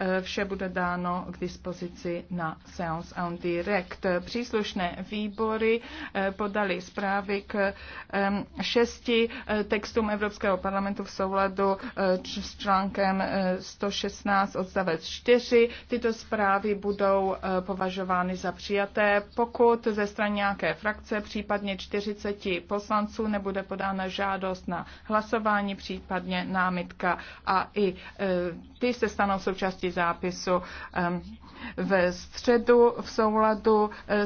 Eh, vše bude dáno k dispozici na Seance on Direct. Příslušné výbory eh, podali zprávy k šesti eh, textům Evropského parlamentu v souladu s článkem 116 odstavec 4. Tyto zprávy budou považovány za přijaté, pokud ze strany nějaké frakce, případně 40 poslanců, nebude podána žádost na hlasování, případně námitka a i ty se stanou součástí zápisu ve středu v souladu eh,